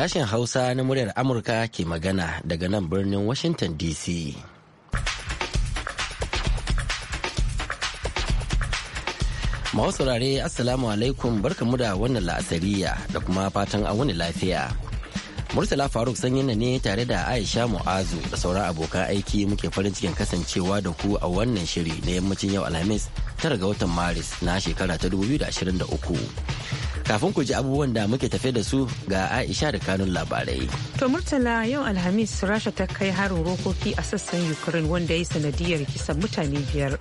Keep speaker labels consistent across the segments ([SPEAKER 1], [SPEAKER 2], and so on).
[SPEAKER 1] Sashen Hausa na muryar Amurka ke magana daga nan birnin Washington DC. saurare Assalamu alaikum barkamu da wannan la'asariya da kuma fatan a wani lafiya. Murtala Faruk sanyina ne tare da Aisha Mu'azu da sauran abokan aiki muke farin cikin kasancewa da ku a wannan shiri na yammacin yau Alhamis tara ga watan Maris na shekara ta 2023. kafin ku ji abubuwan da muke tafe da su ga aisha da kanun labarai
[SPEAKER 2] to murtala yau alhamis rasha ta kai harin rokoki a sassan ukraine wanda ya yi sanadiyar kisan mutane biyar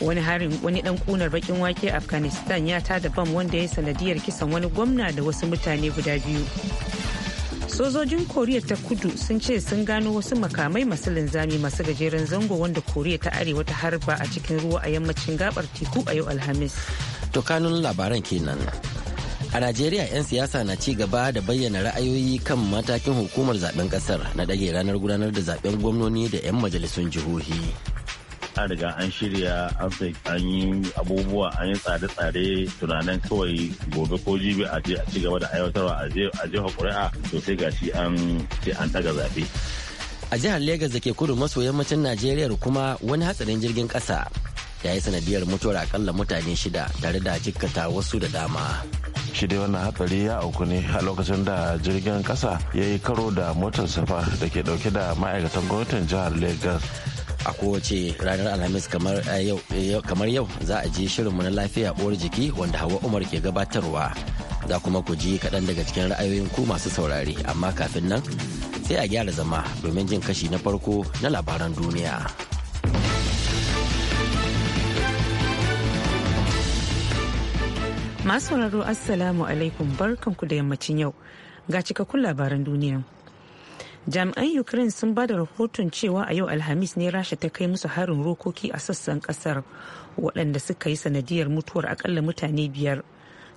[SPEAKER 2] wani harin wani dan kunar bakin wake afghanistan ya ta bam wanda ya yi sanadiyar kisan wani gwamna da wasu mutane guda biyu sojojin koriya ta kudu sun ce sun gano wasu makamai masu linzami masu gajeren zango wanda koriya ta arewa ta harba a cikin ruwa a yammacin gabar teku a yau alhamis To kanun labaran kenan. A Najeriya 'yan siyasa na
[SPEAKER 1] ci gaba da bayyana ra'ayoyi kan matakin hukumar zaben kasar na ɗage ranar gudanar da zaben gwamnoni da 'yan majalisun
[SPEAKER 3] jihohi. an riga an shirya an yi abubuwa an yi tsare-tsare tunanin kawai gobe ko jibi a a ci gaba da aiwatarwa a jihar ƙuri'a to sai gashi an ce an ɗaga zaɓe. A jihar Legas
[SPEAKER 1] da ke kudu maso yammacin Najeriya kuma wani hatsarin jirgin ƙasa ya yi sanadiyar mutuwar akalla mutane shida tare
[SPEAKER 4] da jikkata wasu da dama shi dai wannan hatsari ya auku ne a lokacin da jirgin kasa ya yi karo da motar safa da ke dauke da ma'aikatan gwamnatin jihar Legas. a kowace ranar alhamis kamar eh, eh, yau za
[SPEAKER 1] a ji shirinmu na lafiya uwar jiki wanda hawa umar ke gabatarwa za kuma ku ji kaɗan daga cikin ra'ayoyin ku masu saurari amma kafin nan sai a gyara zama domin jin kashi na farko na labaran duniya.
[SPEAKER 2] Masu sauraro Assalamu alaikum barkanku da yammacin yau ga cikakkun labaran duniya. Jami'an Ukraine sun ba da rahoton cewa a yau Alhamis ne Rasha ta kai musu harin rokoki a sassan kasar waɗanda suka yi sanadiyar mutuwar akalla mutane biyar.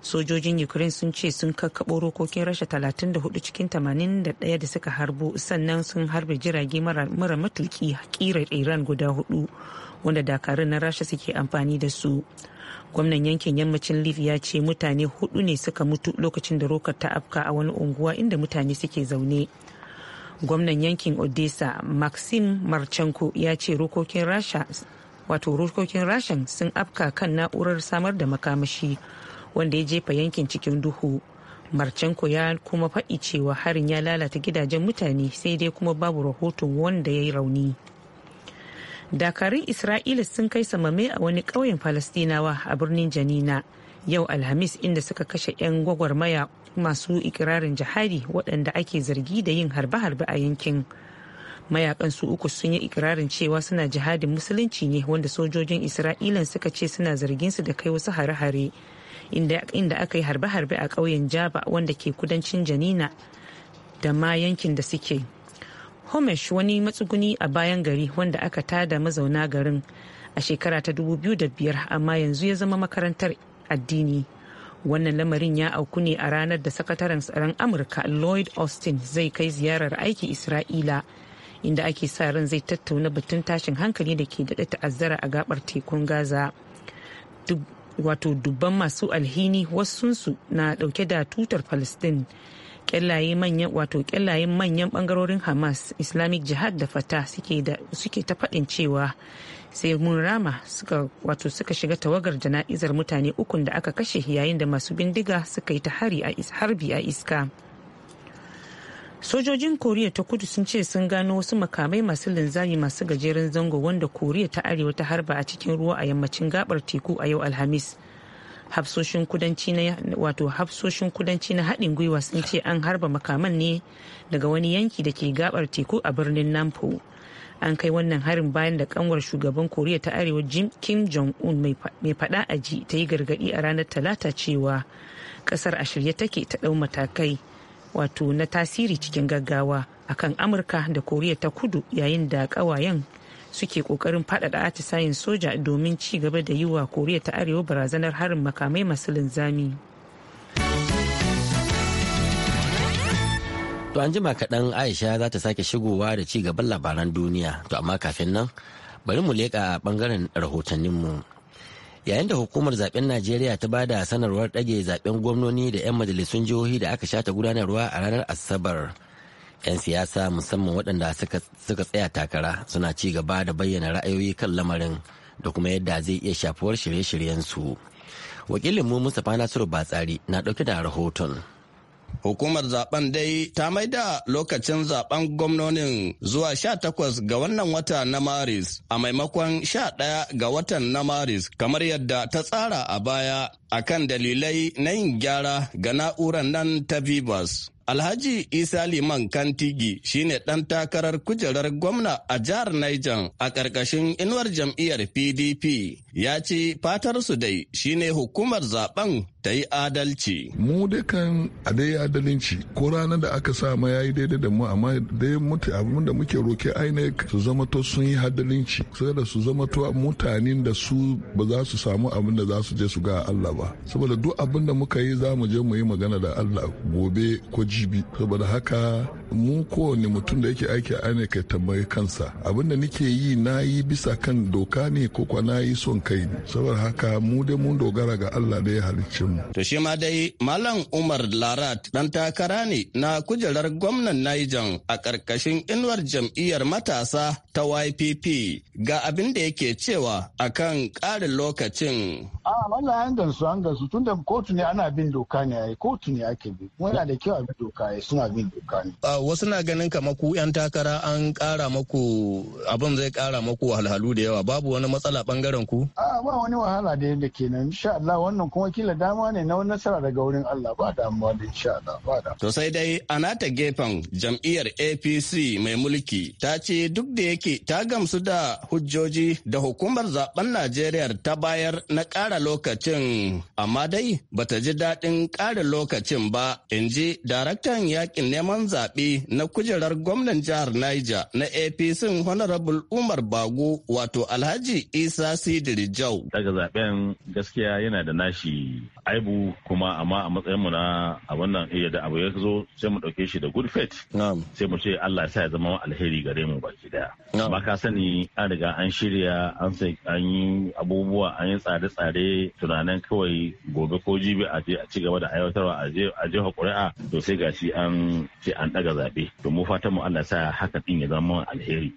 [SPEAKER 2] Sojojin Ukraine sun ce sun kakkaɓo rokokin Rasha 34 cikin 81 da suka harbo sannan sun harbe jirage mara matuki kirar Iran guda hudu wanda dakarun na Rasha suke amfani da su. gwamnan yankin yammacin liv ya ce mutane hudu ne suka mutu lokacin da rokar ta afka a wani unguwa inda mutane suke zaune gwamnan yankin odessa maxim marchenko ya ce rokokin rasha wato rokokin rashin sun afka kan na'urar samar da makamashi wanda ya jefa yankin cikin duhu marchenko ya kuma faɗi cewa harin ya lalata gidajen mutane sai dai kuma babu rahoton wanda ya yi rauni dakarun isra'ila sun kai samame a wani ƙauyen falastinawa a birnin janina yau alhamis inda suka kashe 'yan gwagwarmaya masu ikirarin jihadi waɗanda ake zargi da yin harbe-harbe a yankin mayakan su uku sun yi ikirarin cewa suna jihadin musulunci ne wanda sojojin isra'ilan suka ce suna zargin su da kai wasu hare-hare inda aka yi harbe-harbe a ƙauyen jaba wanda ke kudancin janina da ma yankin da suke homesh wani matsuguni a bayan gari wanda aka tada mazauna garin a shekara ta 2005 amma yanzu ya zama makarantar addini wannan lamarin ya auku ne a ranar da sakataren tsaron amurka lloyd austin zai kai ziyarar aiki isra'ila inda ake sa ran zai tattauna batun tashin hankali da ke daɗa ta'azzara a gabar tekun gaza wato dubban masu alhini wasunsu na ɗauke da tutar palestine kyallaye manyan wato kyallayen manyan bangarorin hamas islamic jihad da fata suke ta faɗin cewa sai mun rama suka wato suka shiga tawagar jana'izar mutane ukun da aka kashe yayin da masu bindiga suka yi ta hari a harbi a iska sojojin koriya ta kudu sun ce sun gano wasu makamai masu linzami masu gajeren zango wanda koriya ta arewa ta harba a cikin ruwa a yammacin gabar teku a yau alhamis hafsoshin kudanci na wato hafsoshin kudanci na haɗin gwiwa sun ce an harba makaman ne daga wani yanki da ke gabar teku a birnin nampo an kai wannan harin bayan da kanwar shugaban koriya ta arewa kim jong-un mai fada a ji ta yi gargadi a ranar talata cewa kasar a shirye take ta ɗau matakai wato na tasiri cikin gaggawa akan amurka da koriya ta kudu yayin da kawayen suke kokarin faɗaɗa atisayin soja domin ci gaba da yi wa koriya ta arewa barazanar harin makamai masu linzami
[SPEAKER 1] to an jima kaɗan aisha za ta sake shigowa da ci gaban labaran duniya to amma kafin nan bari mu leƙa ɓangaren rahotanninmu yayin da hukumar zaben najeriya ta bada sanarwar ɗage zaben gwamnoni da 'yan majalisun jihohi da aka shata gudanarwa a ranar asabar 'yan siyasa musamman waɗanda suka tsaya takara suna ci gaba da bayyana ra'ayoyi kan lamarin da kuma yadda zai iya shafuwar shirye-shiryensu
[SPEAKER 3] wakilin mu mustapha nasiru batsari na ɗauke da rahoton Hukumar zaben dai ta maida lokacin zaben gwamnonin zuwa sha takwas ga wannan wata na Maris a maimakon sha ɗaya ga watan na Maris kamar yadda ta tsara a baya akan dalilai na yin gyara ga na'urar nan ta Vivas. Alhaji Isa Liman Kantigi shine ɗan takarar kujerar gwamna a jihar Niger a ƙarƙashin inuwar jam'iyyar PDP ya ce fatarsu dai shine hukumar zaben ta yi adalci.
[SPEAKER 4] Mu dukan a dai adalinci ko ranar da aka sa ma yayi daidai da mu amma dai mutu abin da muke roke INEC su zama to sun yi hadalinci sai da su zama to mutanen da su ba za su samu abin da za su je su ga Allah ba saboda duk abin da muka yi za mu je mu yi magana da Allah gobe ko ji jibi saboda haka mu kowane mutum da yake aiki a ne kai tambayi kansa abinda nake yi na yi bisa kan doka ne ko kwa na yi son kai ne saboda haka mu dai mun dogara ga Allah da ya halicce mu
[SPEAKER 3] to shi ma dai malam Umar Larat dan takara ne na kujerar gwamnan Niger a karkashin inuwar jam'iyyar matasa ta YPP ga abin da yake cewa akan ƙarin lokacin a wallahi an gansu an gansu tunda kotu ne ana bin doka ne ai kotu ne ake bi muna da kyau a bi doka suna bin doka ne. Ah, wasu na ganin kamar ku 'yan takara an kara maku abin zai kara maku wahalhalu da yawa babu wani matsala bangaren ku? a ah, ba wani wahala da yadda kenan insha Allah wannan kuma kila dama ne na wani nasara daga wurin Allah ba damuwa da insha Allah ba da. to sai dai a nata gefen jam'iyyar APC mai mulki ta ce duk da yake ta gamsu da hujjoji da hukumar zaben Najeriya ta bayar na kara lokacin amma dai bata ji daɗin kara lokacin ba in ji daraka. Daraktan yakin neman zaɓe na kujerar gwamnan jihar Niger na APC Honorable Umar Bago wato Alhaji Isa Sidiri Jau. Daga zaɓen gaskiya yana da nashi aibu kuma amma a matsayin mu na a wannan iya da abu ya zo sai mu ɗauke shi da good faith. Sai mu ce Allah ya sa ya zama alheri gare mu baki daya. Amma ka sani an riga an shirya an sai an yi abubuwa an yi tsare-tsare tunanin kawai gobe ko jibi a je a ci gaba da aiwatarwa a je a ƙuri'a to ga shi an ce an daga zaɓe to mu fata mu Allah sa haka din ya zama alheri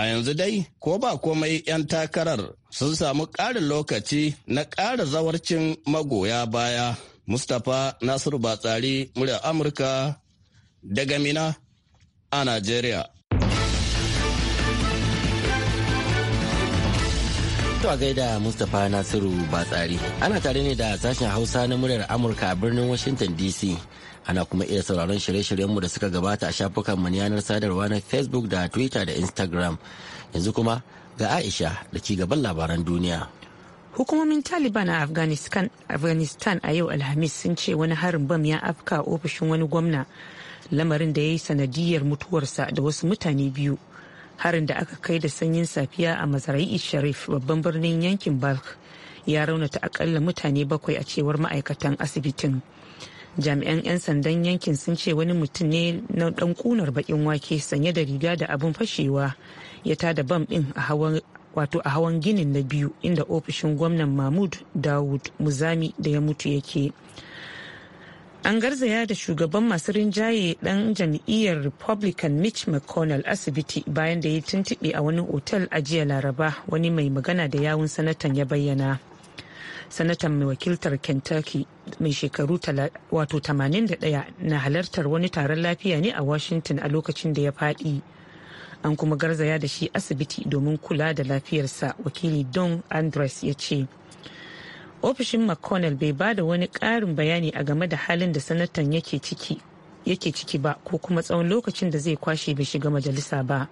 [SPEAKER 3] A yanzu dai, ko ba komai 'yan takarar sun samu ƙarin lokaci na ƙara zawarcin magoya baya. Mustapha Nasiru Batsari, murya Amurka, daga Mina a Najeriya. To a gaida Mustapha Nasiru
[SPEAKER 1] Batsari. Ana tare ne da sashen Hausa na muryar Amurka a birnin Washington DC. Ana kuma iya sauraron shirye-shiryenmu da suka gabata a shafukanmu na yanar sadarwa na Facebook da Twitter da Instagram. Yanzu kuma ga Aisha da ci gaban labaran duniya.
[SPEAKER 2] Hukumomin Taliban a Afghanistan, Afghanistan a yau Alhamis sun ce wani harin bam ya afka ofishin wani gwamna lamarin da ya yi sanadiyar mutuwarsa da wasu mutane biyu. harin da aka kai da sanyin safiya a mazarai sharif babban birnin yankin balk ya raunata akalla mutane bakwai a cewar ma'aikatan asibitin jami'an 'yan sandan yankin sun ce wani mutum ne na dan kunar bakin wake sanye da riga da abun fashewa ya tada bam din a hawan wato a hawan ginin na biyu inda ofishin gwamnan mahmud dawud muzami da ya mutu yake an garzaya da shugaban masu rinjaye dan jam'iyyar republican mitch mcconnell asibiti bayan da ya tuntuɓe a wani otal a jiya laraba wani mai magana da yawun sanatan ya bayyana sanatan mai wakiltar kentucky mai shekaru wato 81 na halartar wani taron lafiya ne a washington a lokacin da ya faɗi an kuma garzaya da shi asibiti domin kula da lafiyarsa wakili don andres ya ce ofishin mcconnell bai ba da wani ƙarin bayani a game da halin da sanatan yake ciki yake ciki ba ko kuma tsawon lokacin da zai kwashe bai shiga majalisa ba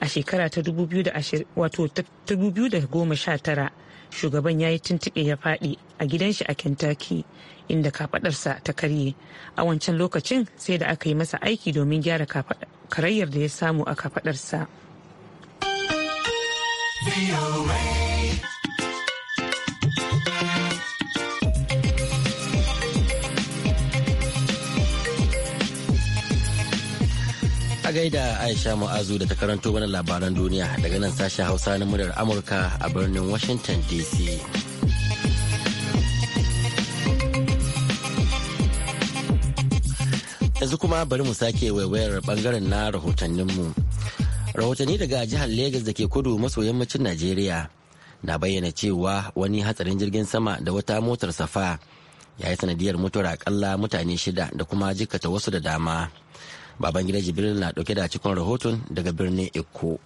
[SPEAKER 2] a shekara ta 2019 shugaban ya yi tuntuɓe ya faɗi a gidan shi a kentucky inda kafadarsa ta karye a wancan lokacin sai da aka yi masa aiki domin gyara karayyar da ya samu a kafadarsa.
[SPEAKER 1] gaida Aisha Mu'azu da ta karanto mana labaran duniya daga nan sashen Hausa na muryar Amurka a birnin Washington DC. Yanzu kuma bari mu sake waiwayar bangaren na rahotanninmu. Rahotanni daga jihar Legas da ke kudu maso yammacin Najeriya na bayyana cewa wani hatsarin jirgin sama da wata motar safa ya yi sanadiyar mutuwar akalla mutane shida da kuma jikata wasu da dama. Babangida Jibril na dauke da cikin rahoton daga birnin
[SPEAKER 4] eko.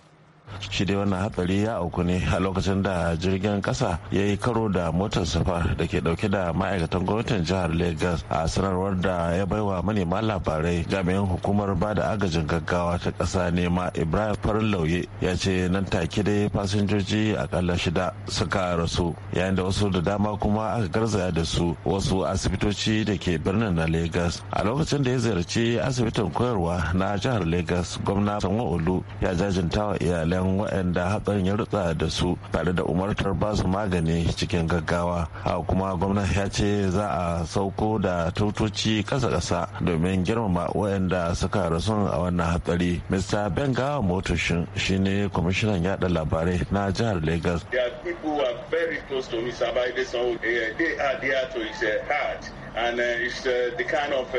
[SPEAKER 4] shi dai wannan hatsari ya auku ne a lokacin da jirgin kasa ya yi karo da motar safa da ke dauke da ma'aikatan gwamnatin jihar Legas a sanarwar da ya baiwa manema labarai Jami'an hukumar ba da agajin gaggawa ta kasa nema ibrahim farin lauye ya ce nan take dai fasinjoji akalla shida suka rasu yayin da wasu da dama kuma aka garzaya da su wasu asibitoci da ke birnin na Legas. a lokacin da ya ziyarci asibitin koyarwa na jihar Legas, gwamna sanwa olu ya jajinta wa iyalai yan waɗanda hatsarin ya rutsa da su tare da umartar ba su magani cikin gaggawa a kuma gwamnati ya ce za a sauko da tutoci ƙasa-ƙasa domin girmama waɗanda suka rasu a wannan hatsari mr benga motoshin shine kwamishinan yada labarai na jihar lagos
[SPEAKER 3] eh, eh, and uh, it's uh, the kind of uh,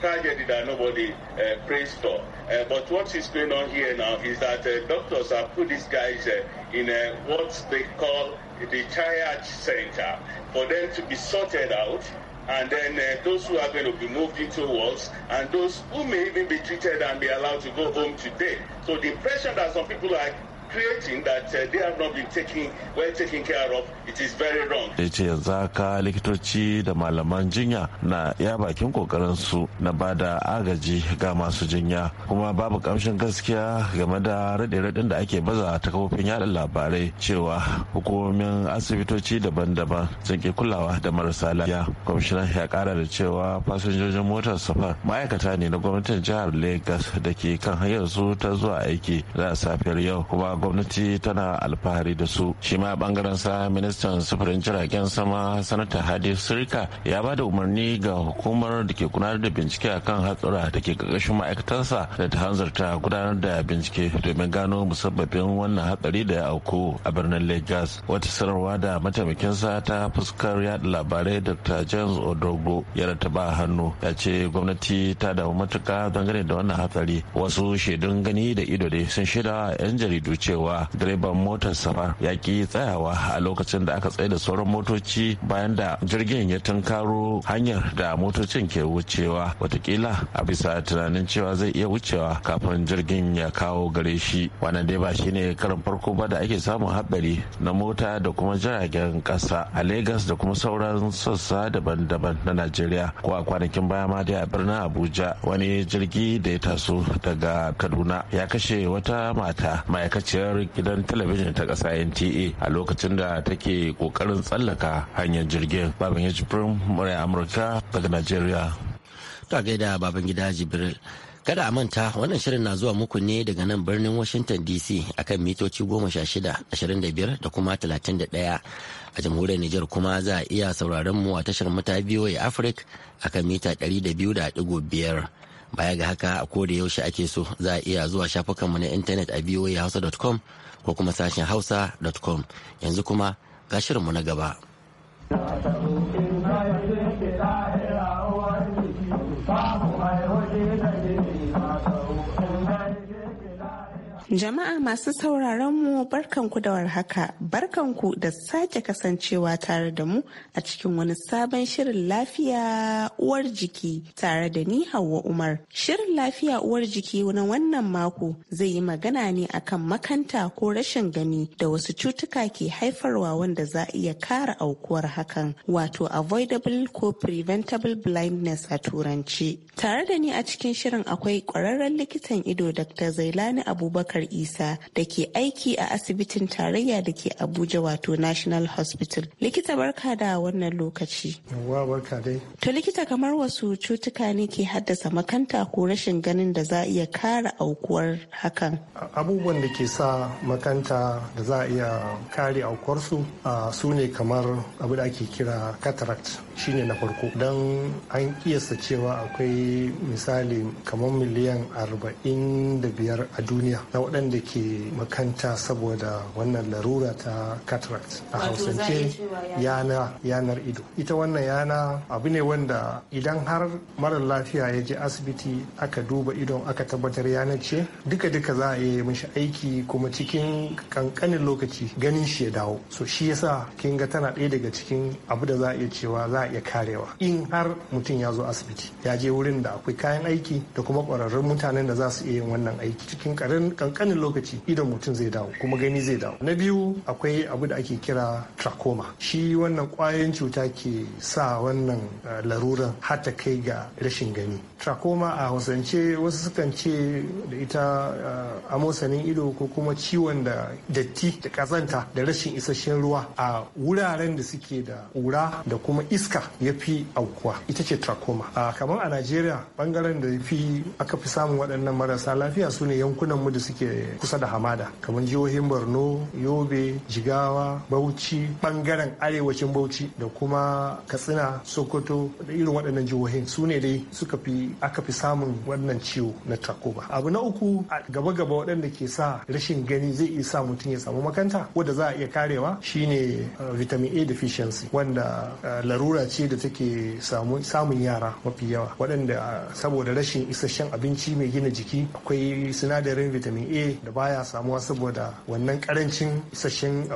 [SPEAKER 3] tragedy that nobody uh, prays for. Uh, but what is going on here now is that uh, doctors have put these guys uh, in uh, what they call the triage center for them to be sorted out. And then uh, those who are going to be moved into wards, and those who may even be treated and be allowed to go home today. So the impression that some people are creating that uh, they have not been taking well taken care of it is very wrong.
[SPEAKER 4] Ya ce yanzu haka likitoci da malaman jinya na ya bakin kokarin su na bada agaji ga masu jinya kuma babu kamshin gaskiya game da raɗe-raɗin da ake baza ta kafofin yada labarai cewa hukumomin asibitoci daban-daban sun ke kulawa da marasa lafiya. Kwamishinan ya kara da cewa fasinjojin motar safar ma'aikata ne na gwamnatin jihar Lagos da ke kan hanyar su ta zuwa aiki da safiyar yau kuma gwamnati tana alfahari da su shi ma bangaren sa ministan sufurin jiragen sama sanata hadi sirika ya ba da umarni ga hukumar da ke gudanar da bincike akan hatsura da ke karkashin ma'aikatarsa da ta hanzarta gudanar da bincike domin gano musabbabin wannan hatsari da ya auku a birnin lagos wata sanarwa da mataimakin sa ta fuskar yada labarai dr james odogbo ya rataba hannu ya ce gwamnati ta damu matuka dangane da wannan hatsari wasu shaidun gani da ido dai sun shaida 'yan jaridu cewa direban motar safa ya ki tsayawa a lokacin da aka tsaye da sauran motoci bayan da jirgin ya tunkaro hanyar da motocin ke wucewa watakila a bisa tunanin cewa zai iya wucewa kafin jirgin ya kawo gare shi wannan dai ba shine karin farko ba da ake samun haɗari na mota da kuma jiragen ƙasa a lagos da kuma sauran sassa daban-daban na najeriya ko a kwanakin baya ma dai a birnin abuja wani jirgi da ya taso daga kaduna ya kashe wata mata ma'aikaciya tashar gidan talabijin ta kasa nta a lokacin da take kokarin tsallaka hanyar jirgin babin hajjibin murya amurka daga najeriya
[SPEAKER 1] ta gaida baban gida jibril kada a manta wannan shirin na zuwa muku ne daga nan birnin washington dc akan mitoci 16 25 da kuma 31 a jamhuriyar niger kuma za a iya sauraron mu a tashar mata voa africa akan mita 200.5 baya ga haka a koda yaushe ake so za a iya zuwa shafukanmu na intanet a voahausa.com ko kuma sashen hausa.com yanzu kuma ga na gaba.
[SPEAKER 5] Jama'a masu sauraron mu barkanku da warhaka, barkanku da sake kasancewa tare da mu a cikin wani sabon shirin lafiya uwar jiki tare da ni Hauwa Umar. Shirin lafiya uwar jiki na wannan mako zai yi magana ne akan makanta ko rashin gani da wasu cutuka ke haifarwa wanda za a iya kara aukuwar hakan, wato avoidable ko preventable blindness a turanci. Tare da ni a cikin shirin akwai kwararren likitan ido Dr. Zailani Abubakar Bakar isa da ke aiki a asibitin tarayya da ke abuja wato national hospital likita barka da wannan lokaci to likita kamar wasu cutuka ne ke haddasa makanta ko rashin ganin da za a iya kare aukuwar hakan
[SPEAKER 6] abubuwan da ke sa makanta da za a iya kare aukuwarsu su ne kamar abu da ake kira cataract shine na farko don an kiyasta cewa akwai misali kamar miliyan 45 a duniya na waɗanda ke makanta saboda wannan larura ta cataract a hausance yana yanar ido ita wannan yana abu ne wanda idan har marar lafiya ya je asibiti aka duba idon aka tabbatar yanar ce duka-duka za a yi mishi aiki kuma cikin kankanin lokaci ganin shi ya dawo so shi yasa kin ga tana ɗaya daga cikin abu da za a iya cewa za a iya karewa in har mutum ya zo asibiti ya je wurin da akwai kayan aiki da kuma ƙwararrun mutanen da za su iya yin wannan aiki cikin kankanin lokaci idan mutum zai dawo kuma gani zai dawo na biyu akwai abu da ake kira trachoma shi wannan kwayoyin cuta ke sa wannan eh, laruran har ta kai ga rashin gani trachoma a hausance wasu sukan ce da ita eh, amosanin ido ko kuma ciwon da datti da kazanta da rashin isasshen ruwa a wuraren da suke da ƙura da kuma iska ya fi aukuwa ita ce trachoma kamar a najeriya bangaren da fi aka fi samun waɗannan marasa lafiya su ne yankunan mu da suke kusa da hamada kamar jihohin borno yobe jigawa bauchi bangaren arewacin bauchi da kuma katsina sokoto da irin waɗannan jihohin su ne dai suka fi aka fi samun wannan ciwo na takoba abu na uku a gaba gaba waɗanda ke sa rashin gani zai iya sa mutum ya samu makanta wanda za a iya karewa shine uh, vitamin a deficiency wanda uh, larura ce da take samun yara mafi yawa waɗanda uh, saboda rashin isasshen abinci mai gina jiki akwai sinadarin vitamin a DHA da baya samuwa saboda wannan karancin isasshen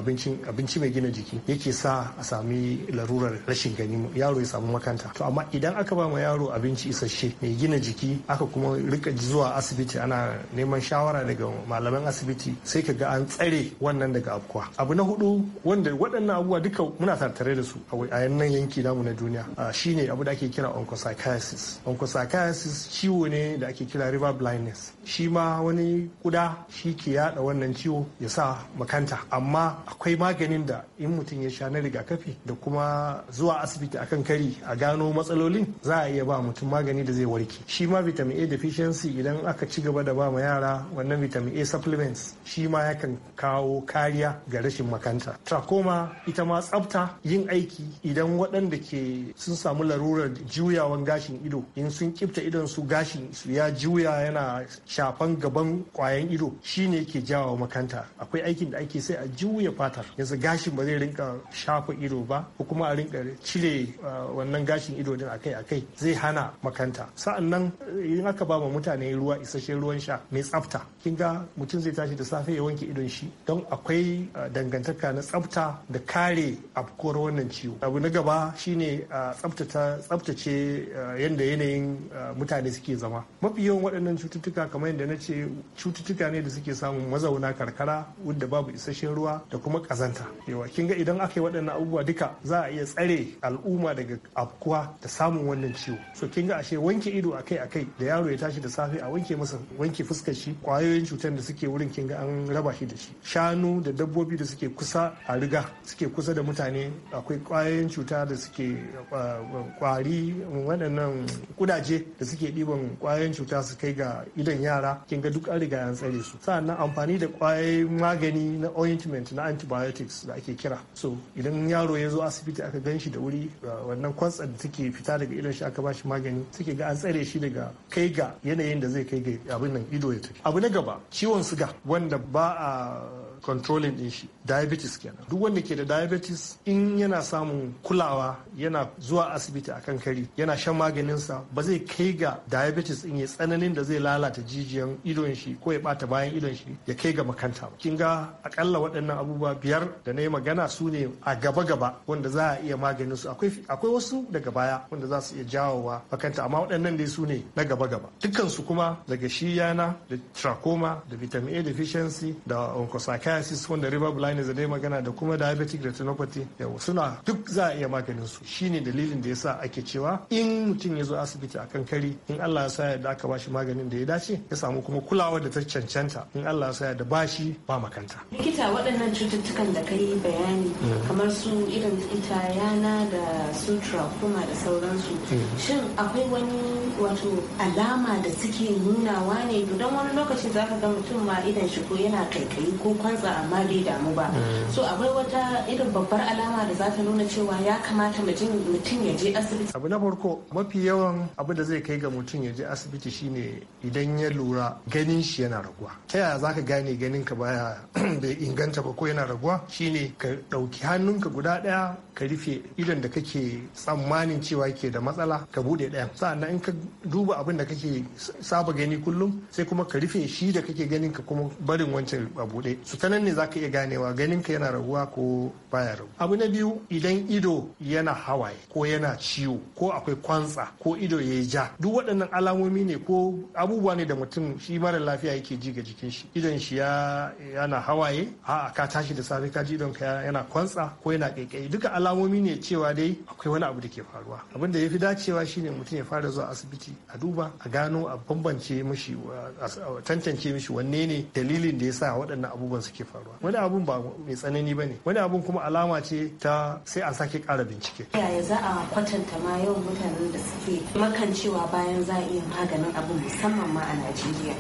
[SPEAKER 6] abinci mai gina jiki yake sa a sami larurar rashin gani yaro ya samu makanta to amma idan aka ba ma yaro abinci isasshe mai gina jiki aka kuma rika zuwa asibiti ana neman shawara daga malaman asibiti sai ka ga an tsare wannan daga afkuwa abu na hudu wanda waɗannan abubuwa duka muna tattare da su a yannan yanki namu na duniya shine abu da ake kira onchocerciasis onchocerciasis ciwo ne da ake kira river blindness shi ma wani kuda shi ke yada wannan ciwo ya sa makanta amma akwai maganin da in mutum ya sha na rigakafi da kuma zuwa asibiti akan kari a gano matsalolin za a iya ba mutum magani da zai warke shi ma vitamin A deficiency idan aka ci gaba da ba ma yara wannan vitamin A supplements shi ma yakan kawo kariya ga rashin makanta trachoma ita ma tsafta yin aiki idan waɗanda ke sun samu larurar juyawan gashin ido in sun kifta idon su gashin su ya juya yana shafan gaban kwayan ido shine yake jawo makanta akwai aikin da ake sai a juya fatar yanzu gashin ba zai rinka shafa ido ba ko kuma a rinka cire uh, wannan gashin ido din akai akai zai hana makanta sa'annan eh, in aka ba mutane ruwa isasshen ruwan sha mai tsafta kin ga mutum zai tashi da safe ya wanke idon shi don akwai uh, dangantaka na tsafta da kare afkuwar wannan ciwo abu na gaba shine uh, tsaftace yadda yanayin mutane suke zama mafi yawan waɗannan cututtuka kamar yadda na ce cututtuka mutane da suke samun mazauna karkara wadda babu isasshen ruwa da kuma kazanta yawa kin ga idan aka yi waɗannan abubuwa duka za a iya tsare al'umma daga afkuwa da samun wannan ciwo so kin ga ashe wanke ido akai akai da yaro ya tashi da safe a wanke masa wanke fuskar shi kwayoyin cutar da suke wurin kin ga an raba shi da shi shanu da dabbobi da suke kusa a riga suke kusa da mutane akwai kwayoyin cuta da suke kwari waɗannan kudaje da suke ɗiban kwayoyin cuta su kai ga idan yara kin ga duk an riga an kare su sa'annan amfani da kwayoyin magani na ointment na antibiotics da ake kira so idan yaro ya zo asibiti aka gan shi da wuri wannan kwatsar da take fita daga idon shi aka ba shi magani take ga an tsare shi daga kai ga yanayin da zai kai ga abin nan ido ya tafi abu na gaba ciwon suga wanda ba a controlling din shi diabetes kenan duk wanda ke da diabetes in yana samun kulawa yana zuwa asibiti a kan kari yana shan maganinsa ba zai kai ga diabetes in ya tsananin da zai lalata jijiyan idon shi ko ya bata bayan idon shi ya kai ga makanta ba kin ga akalla waɗannan abubuwa biyar da na yi magana su ne a gaba gaba wanda za a iya maganin su akwai wasu daga baya wanda za su iya jawowa makanta amma waɗannan dai su ne na gaba gaba dukkan su kuma daga shi yana da trachoma da vitamin A deficiency da onkosaka psoriasis wanda river blindness da dai magana da kuma diabetic retinopathy suna duk za a iya maganin su shine dalilin da yasa ake cewa in mutum ya zo asibiti a kan kari in Allah ya sa ya da aka bashi maganin da ya dace ya samu kuma kulawa da ta cancanta in Allah ya sa ya da bashi ba makanta
[SPEAKER 5] likita waɗannan cututtukan da kai bayani mm. kamar su irin ita yana da sutra kuma da sauransu mm. shin akwai wani wato alama da suke nunawa ne don wani lokaci za ka ga mutum ma idan shi ko yana kaikayi ko kwansa canza amma bai damu ba mm. so akwai wata irin babbar alama da za ta nuna cewa ya kamata mutum ya je asibiti
[SPEAKER 6] abu na farko mafi yawan abu da zai kai ga mutum ya je asibiti shine idan ya lura ganin shi yana raguwa ta yaya za ka gane ganin ka baya bai inganta ba ko yana raguwa shine ka ɗauki hannunka guda ɗaya ka rufe idan da kake tsammanin cewa ke da matsala ka buɗe ɗaya sa'annan in ka duba abin da kake saba gani kullum sai kuma ka rufe shi da kake ganin ka kuma barin wancan a buɗe su nan ne zaka iya ganewa ganin ka yana raguwa ko baya rabu abu na biyu idan ido yana hawaye ko yana ciwo ko akwai kwantsa ko ido ya ja duk waɗannan alamomi ne ko abubuwa ne da mutum shi mara lafiya yake ji ga jikin shi idon shi ya yana hawaye a ka tashi da safe ka ji idon ka yana kwantsa ko yana kaikayi duka alamomi ne cewa dai akwai wani abu da ke faruwa abin da ya fi dacewa shine mutum ya fara zuwa asibiti a duba a gano a bambance mishi a tantance mishi wanne ne dalilin da ya sa waɗannan abubuwan suke faruwa wani abun ba mai tsanani ba ne wani abun kuma alama ce ta sai an sake ƙara bincike
[SPEAKER 5] yaya za a kwatanta ma yawan mutanen da suke makancewa bayan za a iya maganin abun musamman ma a najeriya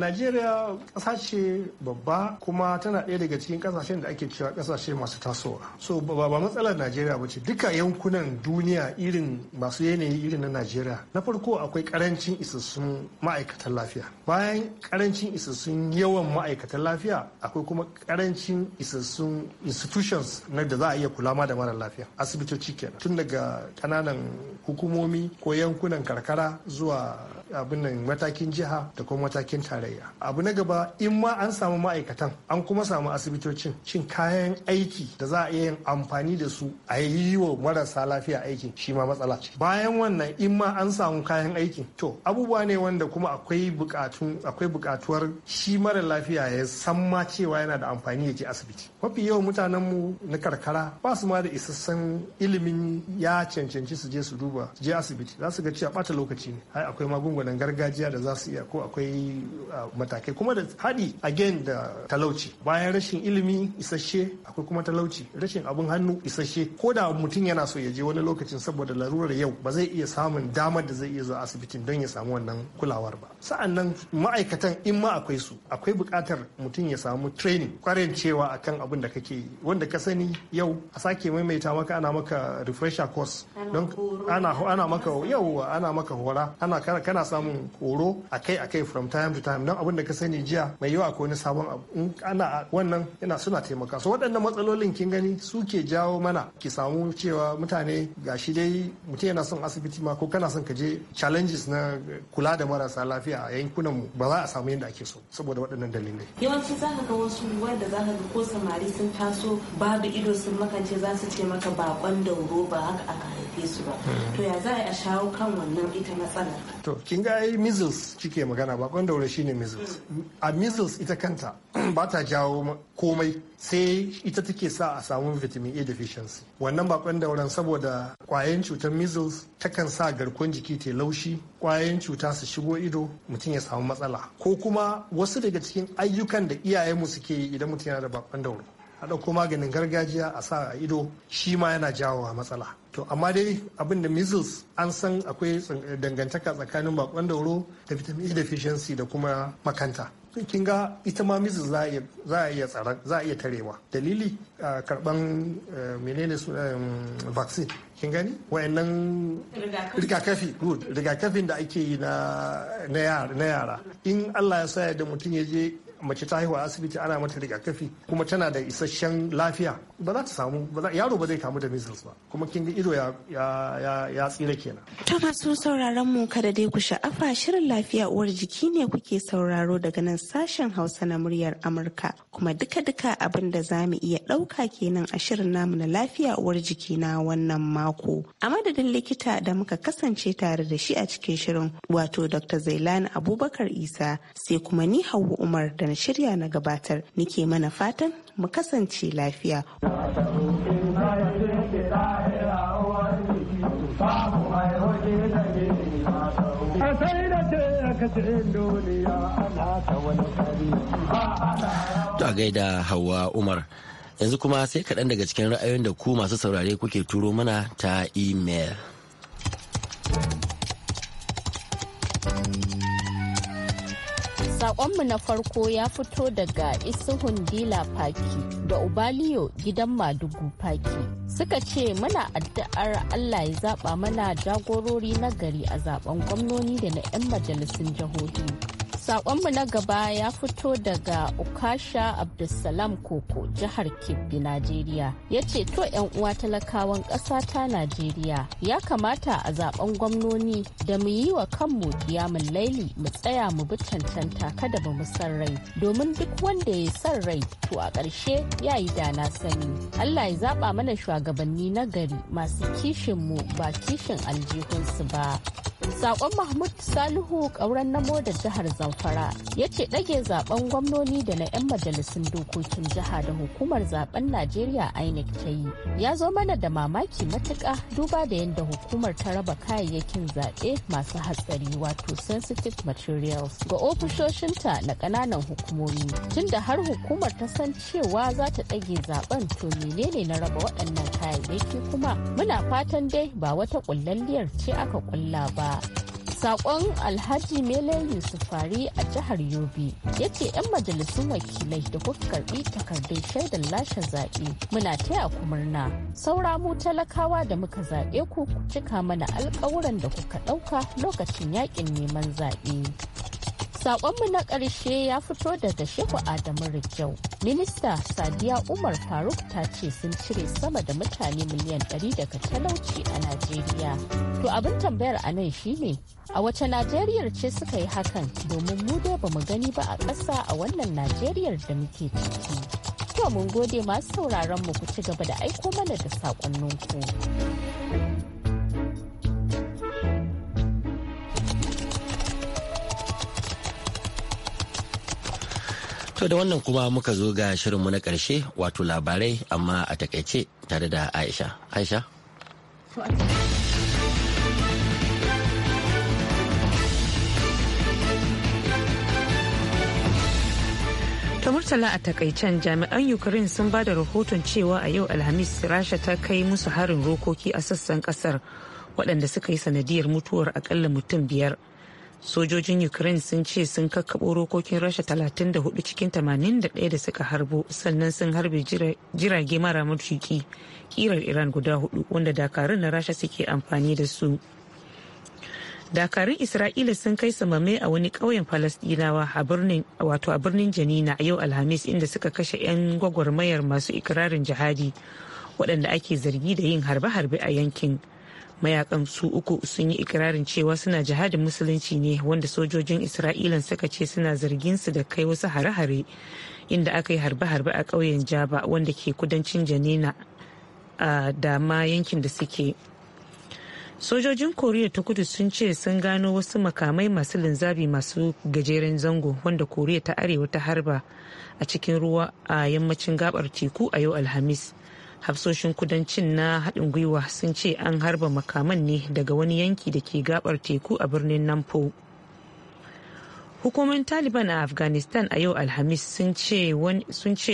[SPEAKER 6] najeriya ƙasa ce babba kuma tana ɗaya daga cikin ƙasashen da ake cewa ƙasashe masu tasowa so ba ba matsalar najeriya ba ce duka yankunan duniya irin masu yanayi irin na najeriya na farko akwai ƙarancin isassun ma'aikatan lafiya bayan ƙarancin isassun yawan ma'aikatan lafiya akwai kuma ƙarancin isassun institutions na da za a iya kula ma da mara lafiya asibitoci kenan tun daga ƙananan hukumomi ko yankunan karkara zuwa abin nan matakin jiha da kuma matakin tarayya abu na gaba in ma an samu ma'aikatan an kuma samu asibitocin cin kayan aiki da za a iya yin amfani da su a yi wa marasa lafiya aikin shi ma matsala ce bayan wannan in ma an samu kayan aikin to abubuwa ne wanda kuma akwai bukatun akwai bukatuwar shi mara lafiya ya san ma cewa yana da amfani ya je asibiti mafi yawan mutanen mu na karkara ba su ma da isassan ilimin ya cancanci su je su duba su je asibiti za su ga cewa bata lokaci ne ai akwai magunguna magungunan gargajiya da za su iya ko akwai matakai kuma da haɗi a again da talauci bayan rashin ilimi isasshe akwai kuma talauci rashin abin hannu isasshe ko da mutum yana so ya je wani lokacin saboda larurar yau ba zai iya samun damar da zai iya zuwa asibitin don ya samu wannan kulawar ba sa'annan ma'aikatan in ma akwai su akwai buƙatar mutum ya samu training ƙwarin cewa akan abin da kake yi wanda ka sani yau a sake maimaita maka ana maka refresher course don ana maka yau ana maka hora ana kana samun horo akai-akai from time to time don abin da ka sani jiya mai yawa ko wani sabon abu in ana wannan yana suna taimaka so waɗannan matsalolin kin gani su ke jawo mana ki samu cewa mutane gashi dai mutum yana son asibiti ma ko kana son ka je challenges na kula da marasa lafiya a yankunan mu ba za a samu yadda ake so saboda waɗannan dalilai
[SPEAKER 5] yawanci za ka ga wasu wanda za ka ga ko samari sun taso babu ido sun maka ce za su ce maka bakon dauro ba haka aka haife su ba hmm. to ya za a shawo kan wannan ita matsala.
[SPEAKER 6] kin ga ai measles kike magana bakon daure shine measles a measles ita kanta ba ta jawo komai sai ita take sa a samun vitamin A deficiency wannan bakon dauran saboda kwayan cutar measles takan sa garkuwar jiki ta laushi kwayan cuta su shigo ido mutum ya samu matsala ko kuma wasu daga cikin ayyukan da iyayenmu suke yi idan mutum yana da bakon dauro a ɗauko maganin gargajiya a sa a ido shi ma yana jawowa matsala to amma dai abin da measles an san akwai eh, dangantaka tsakanin bakon dauro da vitamin e deficiency da kuma makanta kin ga ita ma measles za a iya tsara za a iya tarewa dalili a karban eh, menene su vaccine kin gani wayannan rigakafi good rigakafin da ake yi na yara in Allah ya sa da mutum ya je mace ta haihuwa asibiti ana mata rigakafi kuma tana da isasshen lafiya ba za ta samu yaro ba zai kamu da measles ba kuma kin ga ido ya tsira kenan
[SPEAKER 5] Ta masu sauraron mu kada dai ku sha'afa shirin lafiya uwar jiki ne kuke sauraro daga nan sashen Hausa na muryar Amurka kuma duka-duka abin da za mu iya ɗauka kenan a shirin namu na lafiya uwar jiki na wannan mako a madadin likita da muka kasance tare da shi a cikin shirin wato Dr. Zailani Abubakar Isa sai kuma ni Hauwa Umar da wannan shirya na gabatar nike mana fatan mu kasance lafiya.
[SPEAKER 1] To a gaida Hauwa Umar. Yanzu kuma sai kaɗan daga cikin ra'ayoyin da ku masu saurare kuke turo mana ta imel.
[SPEAKER 7] Sakonmu na farko ya fito daga Isuhun Dila Faki da Ubaliyo gidan Madugu Faki. Suka ce muna addu'ar Allah ya zaba mana jagorori na gari a zaben gwamnoni da na 'yan majalisun jihohi. Sakonmu na gaba ya fito daga Ukasha Abdulsalam Koko jihar Kebbi, Najeriya. Ya ce to yan uwa talakawan ƙasa ta Najeriya ya kamata a zaben gwamnoni da mu yi wa kanmu kiyamun laili mu tsaya mu bi cancanta kada ba mu san rai domin duk wanda ya san rai to a ƙarshe ya yi da na sani. Allah ya zaba mana shugabanni na gari masu kishin mu ba kishin aljihunsu ba. saƙon Mahmud Salihu ƙauren namo da jihar Zamfara. fara ya ce ɗage zaben gwamnoni da na 'yan majalisun dokokin jiha da hukumar zaben najeriya inec ta yi ya zo mana da mamaki matuƙa duba da yadda hukumar ta raba kayayyakin zaɓe masu hatsari wato sensitive materials ga ofishoshinta na ƙananan hukumomi tunda har hukumar ta san cewa za ta ɗage zaben to menene na raba waɗannan kayayyaki kuma muna fatan dai ba wata ƙullalliyar ce aka ƙulla ba. sakon alhaji mele fari a jihar yobe ya ce 'yan majalisun wakilai da kuka karbi takardun shaidar lashe zaɓe muna taya ku murna saura mu talakawa da muka zaɓe ku cika mana alkawuran da kuka ɗauka lokacin yakin neman zaɓe Sakonmu na ƙarshe ya fito daga Shehu Adamu Rikyau. Minista Sadiya Umar Faruk ta ce sun cire sama da mutane miliyan 100 daga talauci a Najeriya. To abin tambayar a nan shine a wace Najeriyar ce suka yi hakan domin mu dai ba mu gani ba a ƙasa a wannan Najeriyar da muke ciki. To mun gode masu sauraron mu ku ci gaba da aiko mana da sakonninku.
[SPEAKER 1] To da wannan kuma muka zo ga shirinmu na ƙarshe wato labarai amma a takaice tare da Aisha. Aisha?
[SPEAKER 2] ta murtala a takaicen jami'an ukraine sun ba da rahoton cewa a yau alhamis rasha ta kai musu harin rokoki a sassan kasar waɗanda suka yi sanadiyar mutuwar akalla mutum biyar sojojin ukraine sun ce sun kakkaɓo rokokin rasha 34 cikin 81 da suka harbo sannan sun harbe jirage mara matuki kirar iran guda hudu wanda dakarun na rasha suke amfani da su dakarun isra'ila sun kai samame a wani ƙauyen falasdinawa wato a birnin janina a yau alhamis inda suka kashe 'yan gwagwarmayar masu ikirarin jihadi waɗanda ake zargi da yin harbe-harbe a yankin. mayakan su uku sun yi ikirarin cewa suna jihadin musulunci ne wanda sojojin isra'ilan suka ce suna zargin su da kai wasu hare-hare inda aka yi harbe-harbe a ƙauyen jaba wanda ke kudancin janina da ma yankin da suke sojojin koriya ta kudu sun ce sun gano wasu makamai masu linzabi masu gajeren zango wanda koriya ta arewa ta harba a cikin ruwa a yammacin gabar teku a yau alhamis hafsoshin kudancin na haɗin gwiwa sun ce an harba makaman ne daga wani yanki da ke gabar teku a birnin nampo hukumomin taliban a afghanistan a yau alhamis sun ce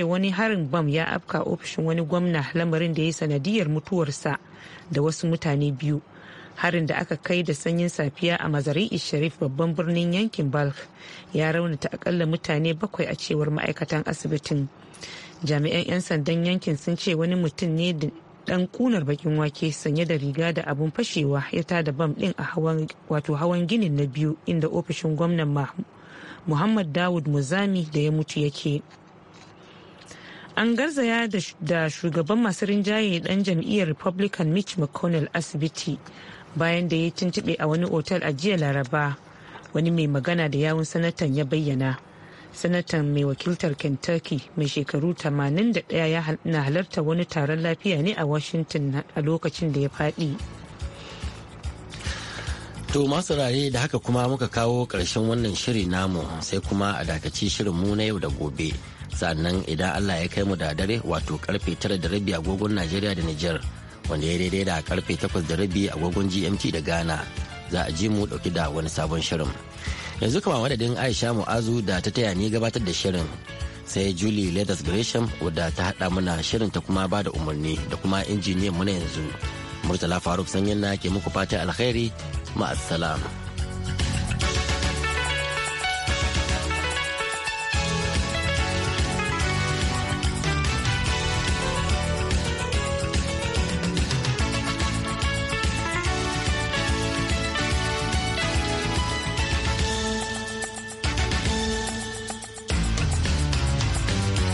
[SPEAKER 2] wani harin bam ya afka ofishin wani gwamna lamarin da ya sanadiyar mutuwarsa da wasu mutane biyu harin da aka kai da sanyin safiya a mazari'i sharif babban birnin yankin balk ya raunata akalla mutane bakwai a cewar ma'aikatan asibitin jami'an 'yan sandan yankin sun ce wani mutum ne da dan kunar bakin wake sanye da riga da abun fashewa ya tada bam din a hawan wato hawan ginin na biyu inda ofishin gwamnan muhammad dawud muzami da ya mutu yake an garzaya da shugaban masu rinjaye dan jam'iyyar republican mitch mcconnell asibiti bayan da ya tuntube a wani otal a jiya laraba wani mai magana da yawun sanatan ya bayyana sanatan mai wakiltar kentucky mai shekaru 81 ya na halarta wani taron lafiya ne a washington a lokacin da ya faɗi
[SPEAKER 1] To masu raye da haka kuma muka kawo ƙarshen wannan shiri namu sai kuma a dakaci mu na yau da gobe. Sannan idan Allah ya kai mu da dare wato karfe tara da rabi agogon Najeriya da niger wanda ya daidai da karfe takwas da rabi agogon GMT da Ghana za a ji mu dauki da wani sabon shirin. yanzu kama madadin aisha mu'azu da ta taya ni gabatar da shirin sai julie letters gresham wadda ta hada mana shirin ta kuma ba da umarni da kuma injiniyan mu na yanzu murtala faruk sanyin na ke muku fatan alkhairi ma'assalam.